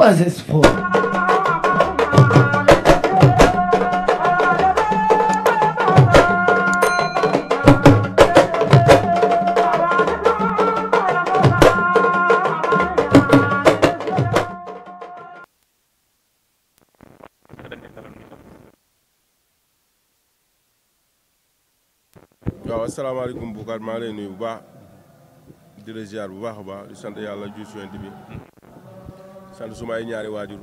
trois espoirs. waaw asalaamaaleykum Boucar maa ngi lay nuyu bu baax di la ziar bu baax a baax di sant yàlla jur suwent bi sant suma ñaari waajur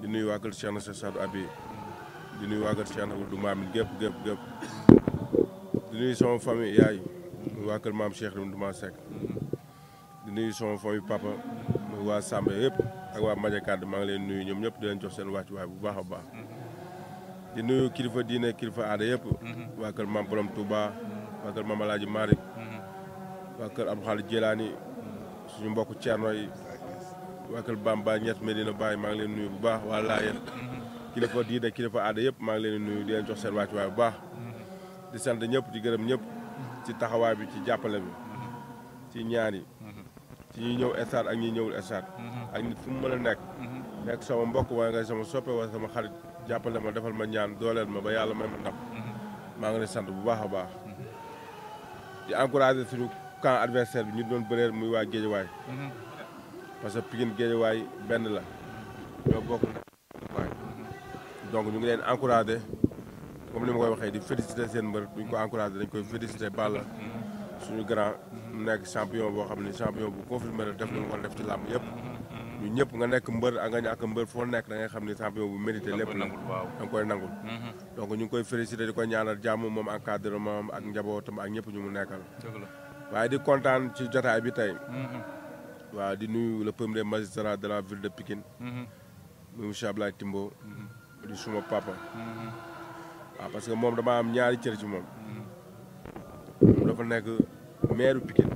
di nuyu waa kër Cheikh na Sadou Abi di nuyu waa kër Cheikh na Oudou Mamin gépp gépp gépp di nuyu sama famille yaay muy waa kër maam Cheikh Lim Duma Seck di nuyu sama famille papa muy waa Samba yëpp ak waa Maja Kàdd maa ngi leen nuyu ñoom ñëpp di jox seen wàccuwaay bu baax a baax di nuyu kilifa diine kilifa aada yëpp waa kër maam Borom Touba waa kër maam Alaaji Malick waa kër Abdou Khadir Jilaani suñu mbokk Ceerno yi waa Kër Bamba Niass Medina Baye maa ngi leen nuyu bu baax waa Laayeen mm-hmm. kilifa diine kilifa aada yëpp maa ngi leen nuyu di leen jox seen wàcc waay bu baax mm-hmm. di sant ñëpp di gërëm ñëpp ci taxawaay bi ci jàppale bi mm-hmm. ci ñaan ci ñuy ñëw stade ak ñuy ñëwul stade ak nit fu mu mën a nekk nekk sama mbokk waaye nga sama soppe wala sama xarit jàppale ma defal ma ñaan dooleel ma ba yàlla may ma ndam maa ngi leen sant bu baax a baax di encouragé suñu camp bi ñu doon bëreer muy waa parce que Pikine Guédiawaye benn la ñoo bokk waay donc ñu ngi leen encouragé comme ni ma koy waxee di félicité seen mbër duñ ko encouragé dañ koy félicité Balla suñu grand mu nekk champion boo xam ne champion bu confirmé def lu mu war def ci làmb yëpp ñu ñëpp nga nekk mbër ak nga ñàkk mbër foo nekk da ngay xam ne champion bu mérité lépp la koy nangul mhm. donc ñu ngi koy félicité di ko ñaanal jàmm moom ak encadrement ak njabootam ak ñëpp ñu mu nekkal waaye di kontaan ci jotaay bi tey mhm. waaw di nuyu le premier magistrat de la ville de Pikine. Mhm. muy monsieur Ablaye Timbo. Mhm. suma papa. Mhm. waaw parce que moom dama am ñaari cër ci moom. moom dafa nekk maire Pikine.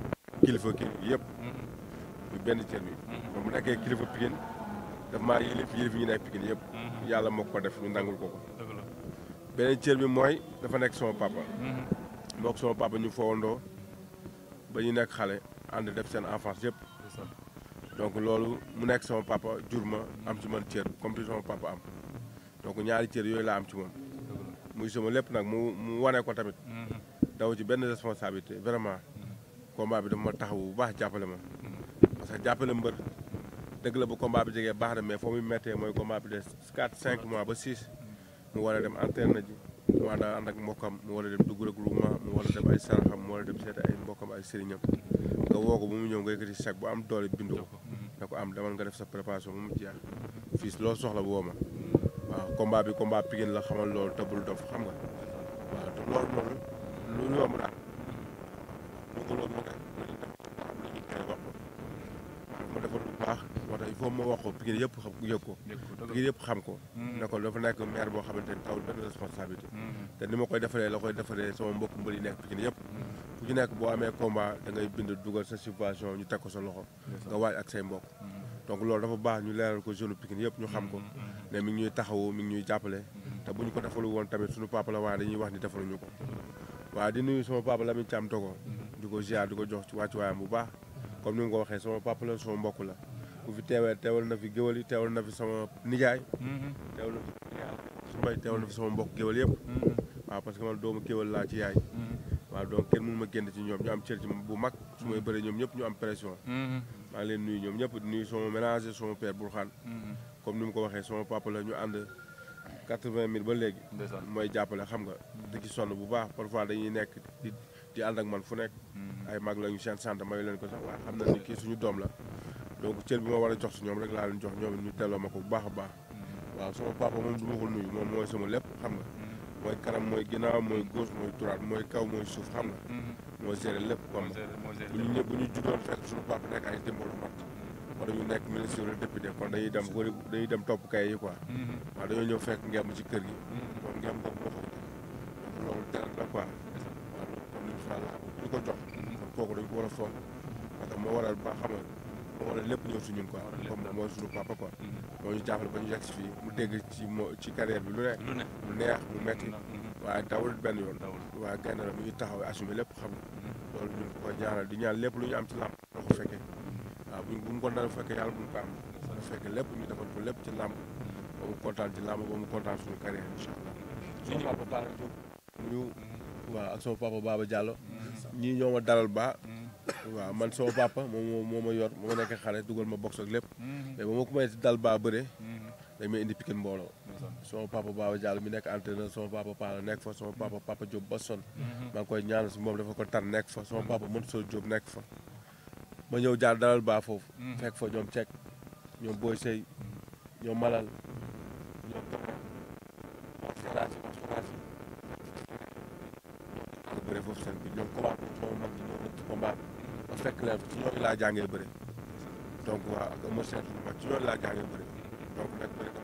kilifa kilifa yëpp. muy benn cër bi. moom bu nekkee kilifa Pikine daf maa yëlif yëlif ñu nekk Pikine yëpp. yàlla moo ko def ñu nangul ko ko. beneen cër bi mooy dafa nekk sama papa. mook sama papa ñu fowandoo ba ñu nekk xale ànd def seen enfance yëpp. donc loolu mu nekk sama papa jur ma am ci man cër comme sama papa am donc ñaari cër yooyu laa am ci moom muy ma lépp nag mu mu wane ko tamit mm-hmm. daw ci benn responsabilité vraiment mm-hmm. combat bi dama ma taxaw bu baax jàppale ma mm-hmm. parce que jàppale mbër dëgg la bu combat bi jegee baax na mais foo muy méttee mooy combat bi des quatre cinq mois ba six mu war a dem antenne ji mu war a ànd ak mbokkam mu war a dem dugg regroupement mu war a dem ay saraxam mu war a dem woo ko bu mu ñëw nga yëkkati chèque bu am doole bindu ko na ko am demal nga def sa préparation mu jeex fii loolu soxla woo ma waaw combat bi combat la xamal loolu te bul xam nga waaw te loolu noonu lu yomb daal bëgg loolu nag ma defal wax ko Pikine yëpp xam yëg ko Pikine yëpp ko mm. ne ko dafa nekk maire boo xamante ni tawul benn responsabilité mm. te ni ma koy defaree la koy defalee sama mbokk mbër yi nekk Pikine yëpp mm. ku ci nekk boo amee combat dangay bind dugal sa subvention ñu teg ko sa loxo nga waaj ak say mbokk donc loolu dafa baax ñu leeral ko jeune Pikine yëpp ñu xam ko mm-hmm. ne mi ngi ñuy taxawu mi ngi ñuy jàppale te bu ñu ko defalu woon tamit suñu papa la waaye dañuy wax ni defaluñu ko waaw di nuyu sama papa Lamine Thiam Togo mm-hmm. di ko ziar di ko jox ci wàccuwaayam bu baax comme ni nga ko waxee sama papa la sama mbokk la ku fi teewee teewal na fi géwal yi teewal na fi sama nijaay mm-hmm. teewal na fi su sama mbokk géwal yëpp waaw parce que man doomu géwal laa ci yaay waaw donc kenn mënu ma génn ci ñoom ñu am cër ci bu mag su bari bëri ñoom ñëpp ñu am pression maa ngi leen nuyu ñoom ñëpp di nuyu sama ménager sama père Bourkhane mm-hmm. comme ni mu ko waxee sama papa la ñu ànd quatre-vingt mille ba léegi mooy jàppale xam nga mm-hmm. da ci sonn bu baax parfois dañuy nekk di di ànd ak man fu nekk mm-hmm. ay mag lañu ñu seen sant mayu leen ko sax waaye xam na ni kii suñu doom la donc cër bi ma war a jox si ñoom rek laa leen jox ñoom ñu telloo ma ko bu baax a baax waaw sama papa moom du ma ko nuyu moom mooy sama lépp xam nga mooy kanam mooy ginnaaw mooy góos mooy turaat mooy kaw mooy suuf xam nga moo géré lépp kon bu ñu bu ñu jugoon fekk suñu papa nekk ay dimbalu mat wala ñu nekk ministre wala député kon dañuy dem dañuy dem topp kay yi quoi mm-hmm. waaw dañoo ñëw fekk ngeem ci kër gi mm-hmm. kon ngeem ko boo xam ne loolu teel la quoi waaw loolu kon incha allah ñu ko jox mm-hmm. kon kooku dañ ko war a fonk parce que moo waral ba xam nga moo waral lépp ñëw suñun quoi comme mooy suñu papa quoi moo ñu jàppale ba ñu yegg fii mu dégg ci moo ci carrière bi lu ne mu neex mu metti waaye dawul benn yoon waaye gaynde la mu ngi taxaw assumé lépp xam na loolu ñu ngi ko ñaanal di ñaan lépp lu ñu am ci làmb bu ko fekkee waaw bu mu ko dal bu yàlla bu mu ko am bu lépp ñu ko lépp ci làmb ba mu kontaan ci làmb ba mu kontaan suñu carrière incha allah. suñu papa Talla Diop waaw ak sama mm. ñii ñoo dalal ba mm. waaw man soo papa moom moo ma yor moo ma nekk xale dugal ma box ak lépp mm. mais ba ma commencé dal baa bëre dañ may indi pikin mbooloo sama papa Baba Diallo mi nekk entraîneur soo papa Paala nekk fa sama papa papa Diop Basson mhm. maa ngi koy ñaanal si moom dafa ko tar nekk fa sama mhm. papa soo Diop nekk fa ma ñëw jaar dalal baa foofu mhm. fekk fa ñoom cek ñoom Boy ñoo ma fekk leen ci ñooñu laa jàngee bëre donc waa ma seetlu ma ci ñooñu laa jàngee bëre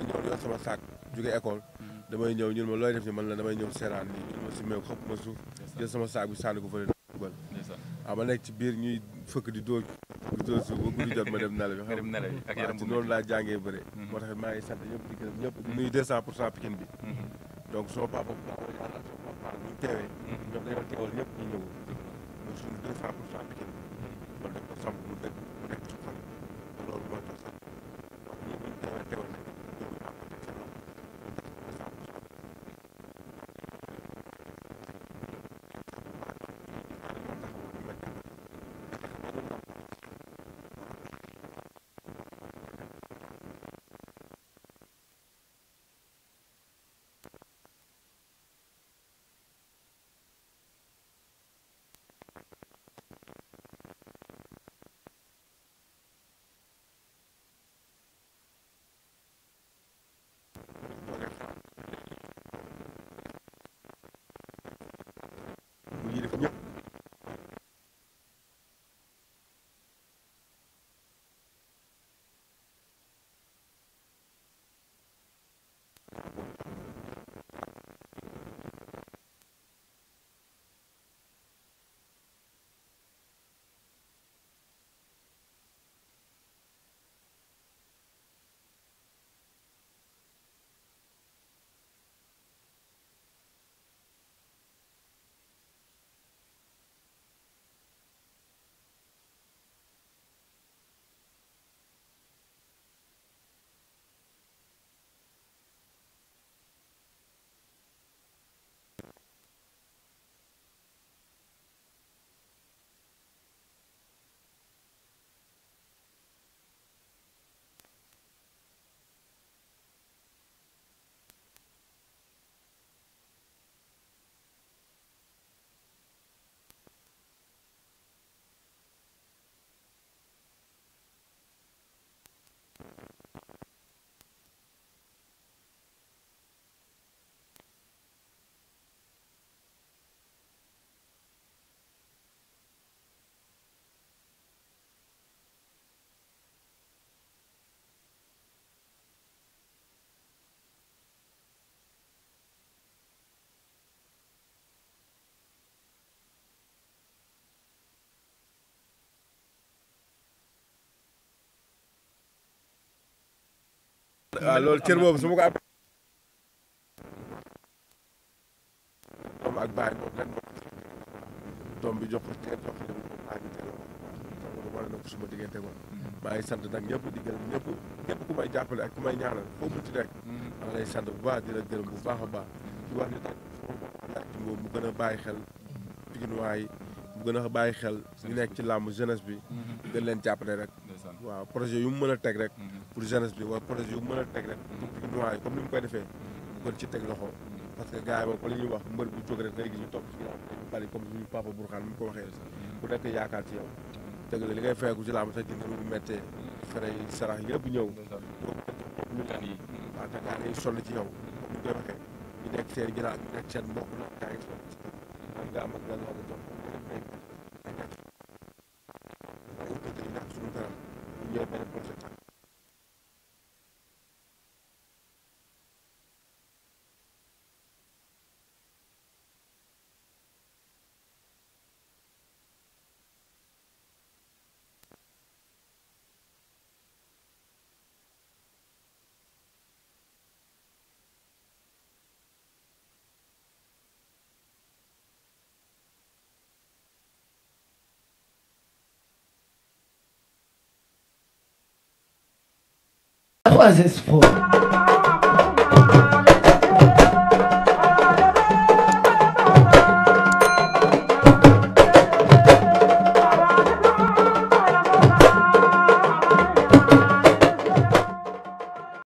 ma ñëwoon yor sama saak jóge école damay ñëw ñun ma looy def ni man la damay ñëw seeraan nii ñun ma si meew xëpp ma suuf jël sama saak bi sànni ko fële waaw ma nekk ci biir ñuy fëkk di dóor di dóor suuf ba guddi jot ma dem nelaw bi xam ci noonu laa jàngee bëre mhm. moo tax maa ngi sant ñëpp ñëpp mhm. nuyu deux cent pour cent Pikine bi mhm. ñëpp ñu ñëw ñun suñu waaw ah, loolu cër boobu su ma ko am doom ak bàyyi boobu bi jox ko teel suma diggante woon mm-hmm. maa sant nag ñëpp di gërëm ñëpp ku may jàppale ak ku may ñaanal foofu ci nekk mm-hmm. maa sant bu baax di la gërëm bu baax a baax mu gën a bàyyi xel mm-hmm. piginuwaay mu gën a bàyyi xel ñu nekk ci làmb jeunesse bi gën leen jàppale rek waaw projet yu mu mën a teg rek. Mm-hmm. pour jeunesse bi wala projet yu mu mën a teg rek. pour comme ni mu koy defee. mu gën ci teg loxo. Mm-hmm. parce que gars yi moom fa la ñuy wax mbër bu jóg rek nga gis ñu topp ci ginnaaw dañu ko waxee. Mm-hmm. ku nekk yaakaar ci yow. dëgg li ngay feeku ci làmb sax dina lu méttee. fere yi sarax yëpp ñëw. ñu daan yi. waaw Dakar yi sonn ci yaw ñu koy waxee. ñu nekk seen ginnaaw ñu nekk seen mbokk la. daa ngi sonn nga am was es froh.